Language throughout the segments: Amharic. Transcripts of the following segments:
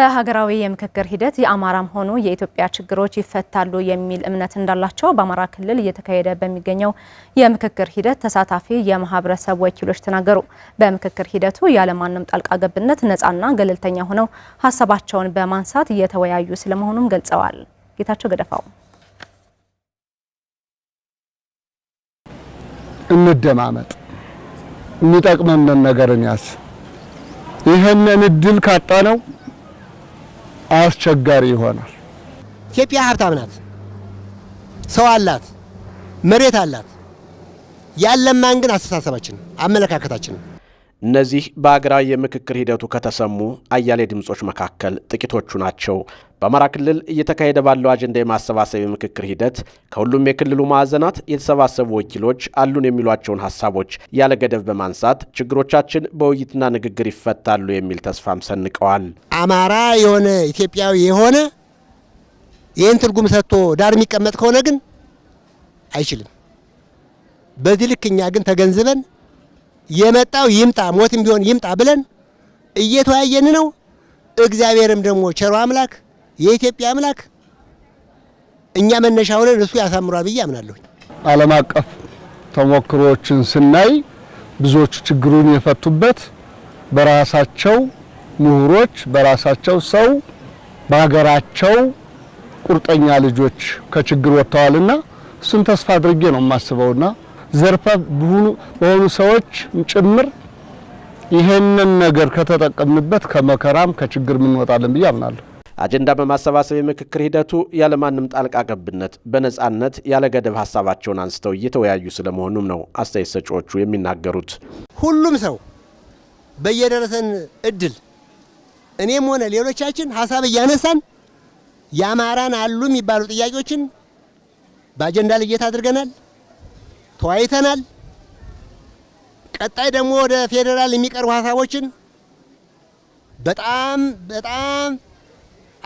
በሀገራዊ የምክክር ሂደት የአማራም ሆኑ የኢትዮጵያ ችግሮች ይፈታሉ የሚል እምነት እንዳላቸው በአማራ ክልል እየተካሄደ በሚገኘው የምክክር ሂደት ተሳታፊ የማህበረሰብ ወኪሎች ተናገሩ። በምክክር ሂደቱ ያለማንም ጣልቃ ገብነት ነፃና ገለልተኛ ሆነው ሀሳባቸውን በማንሳት እየተወያዩ ስለመሆኑም ገልጸዋል። ጌታቸው ገደፋው እንደማመጥ የሚጠቅመንን ነገርን ያስ ይህንን እድል ካጣ ነው አስቸጋሪ ይሆናል። ኢትዮጵያ ሀብታም ናት፣ ሰው አላት፣ መሬት አላት። ያለማን ግን አስተሳሰባችን፣ አመለካከታችን። እነዚህ በሀገራዊ የምክክር ሂደቱ ከተሰሙ አያሌ ድምጾች መካከል ጥቂቶቹ ናቸው። በአማራ ክልል እየተካሄደ ባለው አጀንዳ የማሰባሰብ የምክክር ሂደት ከሁሉም የክልሉ ማዕዘናት የተሰባሰቡ ወኪሎች አሉን የሚሏቸውን ሀሳቦች ያለ ገደብ በማንሳት ችግሮቻችን በውይይትና ንግግር ይፈታሉ የሚል ተስፋም ሰንቀዋል። አማራ የሆነ ኢትዮጵያዊ የሆነ ይህን ትርጉም ሰጥቶ ዳር የሚቀመጥ ከሆነ ግን አይችልም። በዚህ ልክ እኛ ግን ተገንዝበን የመጣው ይምጣ ሞትም ቢሆን ይምጣ ብለን እየተወያየን ነው። እግዚአብሔርም ደግሞ ቸሮ አምላክ የኢትዮጵያ አምላክ እኛ መነሻ ሆነን እሱ ያሳምሯል ብዬ አምናለሁ። ዓለም አቀፍ ተሞክሮዎችን ስናይ ብዙዎቹ ችግሩን የፈቱበት በራሳቸው ምሁሮች፣ በራሳቸው ሰው፣ በሀገራቸው ቁርጠኛ ልጆች ከችግር ወጥተዋልና እሱን ተስፋ አድርጌ ነው የማስበውና ዘርፈ በሆኑ ሰዎች ጭምር ይሄንን ነገር ከተጠቀምንበት ከመከራም ከችግር እንወጣለን ብዬ አምናለሁ። አጀንዳ በማሰባሰብ የምክክር ሂደቱ ያለማንም ጣልቃ ገብነት በነጻነት ያለ ገደብ ሀሳባቸውን አንስተው እየተወያዩ ስለመሆኑም ነው አስተያየት ሰጪዎቹ የሚናገሩት። ሁሉም ሰው በየደረሰን እድል እኔም ሆነ ሌሎቻችን ሀሳብ እያነሳን የአማራን አሉ የሚባሉ ጥያቄዎችን በአጀንዳ ልየት አድርገናል፣ ተወያይተናል። ቀጣይ ደግሞ ወደ ፌዴራል የሚቀርቡ ሀሳቦችን በጣም በጣም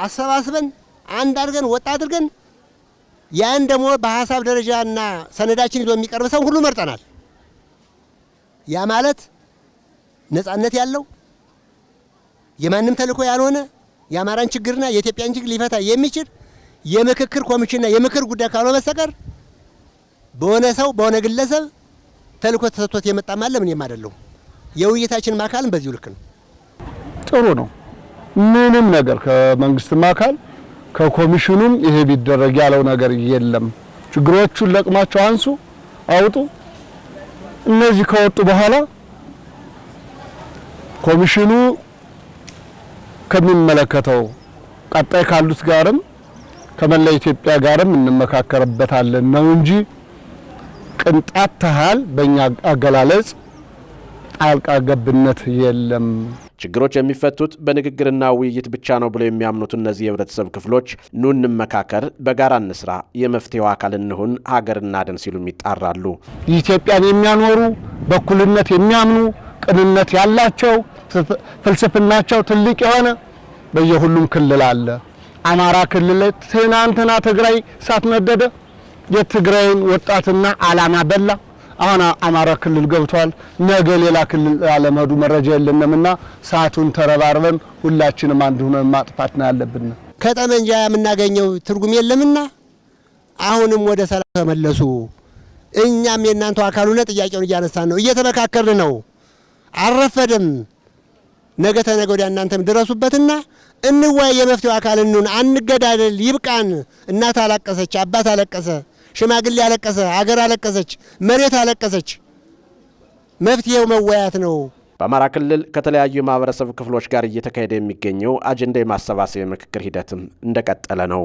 አሰባስበን አንድ አድርገን ወጣ አድርገን ያን ደግሞ በሀሳብ ደረጃና ሰነዳችን ይዞ የሚቀርብ ሰው ሁሉ መርጠናል። ያ ማለት ነጻነት ያለው የማንም ተልእኮ ያልሆነ የአማራን ችግርና የኢትዮጵያን ችግር ሊፈታ የሚችል የምክክር ኮሚሽንና የምክር ጉዳይ ካልሆነ በስተቀር በሆነ ሰው በሆነ ግለሰብ ተልእኮ ተሰጥቶት የመጣ ማለ እኔም አይደለሁም። የውይይታችን አካልም በዚሁ ልክ ነው። ጥሩ ነው። ምንም ነገር ከመንግስትም አካል ከኮሚሽኑም ይሄ ቢደረግ ያለው ነገር የለም። ችግሮቹን ለቅማቸው አንሱ፣ አውጡ። እነዚህ ከወጡ በኋላ ኮሚሽኑ ከሚመለከተው ቀጣይ ካሉት ጋርም ከመላ ኢትዮጵያ ጋርም እንመካከርበታለን ነው እንጂ ቅንጣት ታህል በእኛ አገላለጽ ጣልቃ ገብነት የለም። ችግሮች የሚፈቱት በንግግርና ውይይት ብቻ ነው ብለው የሚያምኑት እነዚህ የህብረተሰብ ክፍሎች ኑ እንመካከር፣ በጋራ እንስራ፣ የመፍትሄው አካል እንሁን፣ ሀገር እናድን ሲሉም ይጣራሉ። ኢትዮጵያን የሚያኖሩ በኩልነት የሚያምኑ ቅንነት ያላቸው ፍልስፍናቸው ትልቅ የሆነ በየሁሉም ክልል አለ። አማራ ክልል ትናንትና ትግራይ ሳትነደደ የትግራይን ወጣትና አላማ በላ። አሁን አማራ ክልል ገብቷል። ነገ ሌላ ክልል አለመሄዱ መረጃ የለንምና ሰዓቱን ተረባርበን ሁላችንም አንድ ሆነን ማጥፋት ነው ያለብን። ከጠመንጃ የምናገኘው ትርጉም የለምና አሁንም ወደ ሰላም ተመለሱ። እኛም የእናንተው አካል ሆነ ጥያቄውን እያነሳን ነው፣ እየተመካከርን ነው። አረፈደም ነገ ተነገ ወዲያ እናንተም ድረሱበትና እንወያይ፣ የመፍትሄው አካል እንሁን፣ አንገዳደል፣ ይብቃን። እናት አለቀሰች፣ አባት አለቀሰ። ሽማግሌ አለቀሰ፣ አገር አለቀሰች፣ መሬት አለቀሰች። መፍትሄው መወያት ነው። በአማራ ክልል ከተለያዩ የማህበረሰብ ክፍሎች ጋር እየተካሄደ የሚገኘው አጀንዳ የማሰባሰብ የምክክር ሂደትም እንደቀጠለ ነው።